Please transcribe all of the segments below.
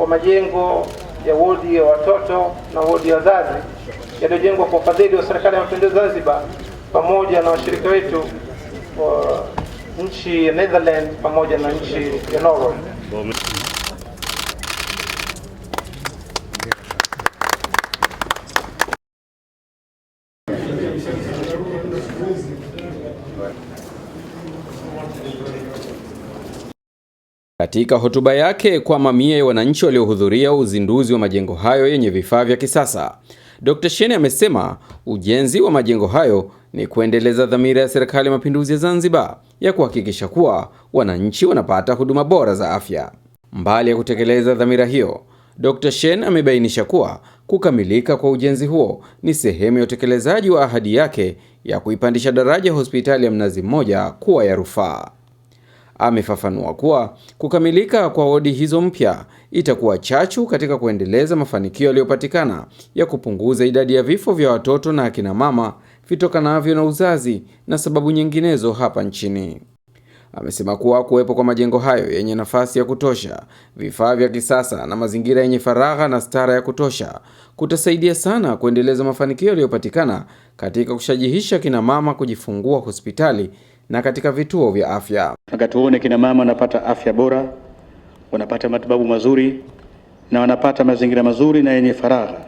wa majengo ya wodi ya watoto na wodi ya wazazi yaliyojengwa kwa ufadhili wa serikali ya mapinduzi Zanzibar pamoja na washirika wetu wa nchi ya Netherlands pamoja na nchi ya Norway. Katika hotuba yake kwa mamia ya wananchi waliohudhuria uzinduzi wa majengo hayo yenye vifaa vya kisasa, Dkt. Shein amesema ujenzi wa majengo hayo ni kuendeleza dhamira ya Serikali ya Mapinduzi ya Zanzibar ya kuhakikisha kuwa wananchi wanapata huduma bora za afya. Mbali ya kutekeleza dhamira hiyo, Dkt. Shein amebainisha kuwa kukamilika kwa ujenzi huo ni sehemu ya utekelezaji wa ahadi yake ya kuipandisha daraja hospitali ya Mnazi Mmoja kuwa ya rufaa. Amefafanua kuwa kukamilika kwa wodi hizo mpya itakuwa chachu katika kuendeleza mafanikio yaliyopatikana ya kupunguza idadi ya vifo vya watoto na akina mama vitokanavyo na uzazi na sababu nyinginezo hapa nchini. Amesema kuwa kuwepo kwa majengo hayo yenye nafasi ya kutosha, vifaa vya kisasa na mazingira yenye faragha na stara ya kutosha kutasaidia sana kuendeleza mafanikio yaliyopatikana katika kushajihisha kina mama kujifungua hospitali na katika vituo vya afya. Tuone kina mama wanapata afya bora, wanapata matibabu mazuri na wanapata mazingira mazuri na yenye faragha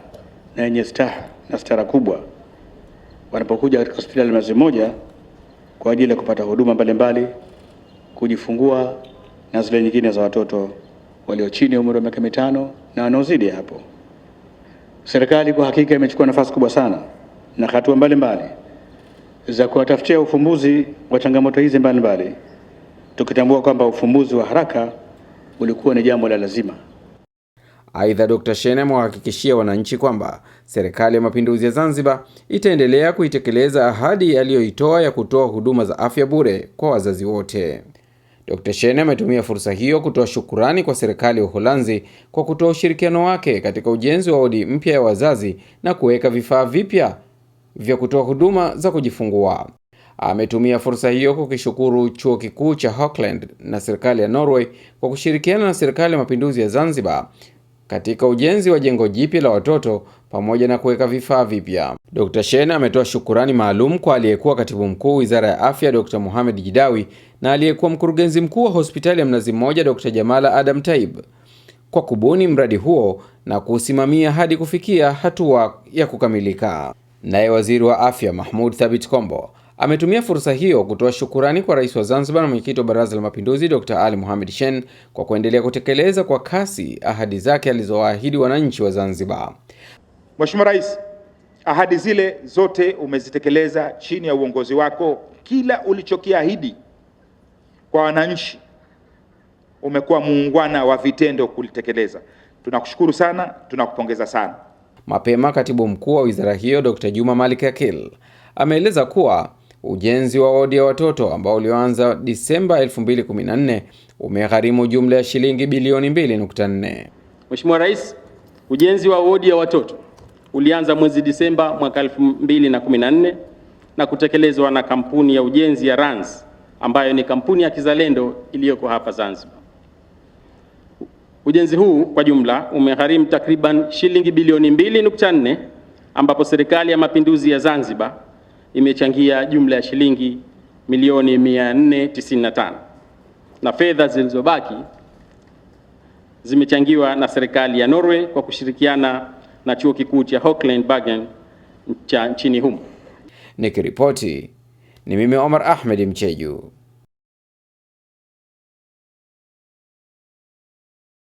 na yenye staha na stara kubwa wanapokuja katika hospitali Mnazi Mmoja kwa ajili ya kupata huduma mbalimbali, kujifungua na zile nyingine za watoto walio chini ya umri wa miaka mitano na wanaozidi hapo. Serikali kwa hakika imechukua nafasi kubwa sana na hatua mbalimbali za kuwatafutia ufumbuzi wa changamoto hizi mbalimbali tukitambua kwamba ufumbuzi wa haraka ulikuwa ni jambo la lazima. Aidha, Dkt. Shein amewahakikishia wananchi kwamba Serikali ya Mapinduzi ya Zanzibar itaendelea kuitekeleza ahadi aliyoitoa ya kutoa huduma za afya bure kwa wazazi wote. Dkt. Shein ametumia fursa hiyo kutoa shukurani kwa serikali ya Uholanzi kwa kutoa ushirikiano wake katika ujenzi wa wodi mpya ya wazazi na kuweka vifaa vipya vya kutoa huduma za kujifungua. Ametumia fursa hiyo kukishukuru chuo kikuu cha Auckland na serikali ya Norway kwa kushirikiana na serikali ya mapinduzi ya Zanzibar katika ujenzi wa jengo jipya la watoto pamoja na kuweka vifaa vipya. Dr. Shena ametoa shukurani maalum kwa aliyekuwa katibu mkuu Wizara ya Afya Dr. Mohamed Jidawi na aliyekuwa mkurugenzi mkuu wa hospitali ya Mnazi Mmoja Dr. Jamala Adam Taib kwa kubuni mradi huo na kusimamia hadi kufikia hatua ya kukamilika. Naye waziri wa afya Mahmoud Thabit Kombo ametumia fursa hiyo kutoa shukurani kwa rais wa Zanzibar na mwenyekiti wa baraza la mapinduzi Dr Ali Mohamed Shein kwa kuendelea kutekeleza kwa kasi ahadi zake alizowaahidi wananchi wa Zanzibar. Mheshimiwa Rais, ahadi zile zote umezitekeleza chini ya uongozi wako. Kila ulichokiahidi kwa wananchi umekuwa muungwana wa vitendo kulitekeleza. Tunakushukuru sana, tunakupongeza sana. Mapema katibu mkuu wa wizara hiyo Dr. Juma Malik Akil ameeleza kuwa ujenzi wa wodi ya watoto ambao ulioanza Disemba 2014 umegharimu jumla ya shilingi bilioni 2.4. Mheshimiwa Rais, ujenzi wa wodi ya watoto ulianza mwezi Disemba mwaka 2014 na kutekelezwa na kampuni ya ujenzi ya Rans ambayo ni kampuni ya kizalendo iliyoko hapa Zanzibar. Ujenzi huu kwa jumla umegharimu takriban shilingi bilioni 2.4 ambapo serikali ya mapinduzi ya Zanzibar imechangia jumla ya shilingi milioni 495 na fedha zilizobaki zimechangiwa na serikali ya Norway kwa kushirikiana na chuo kikuu cha Auckland Bergen cha nchini humo. Nikiripoti ni mimi Omar Ahmed Mcheju.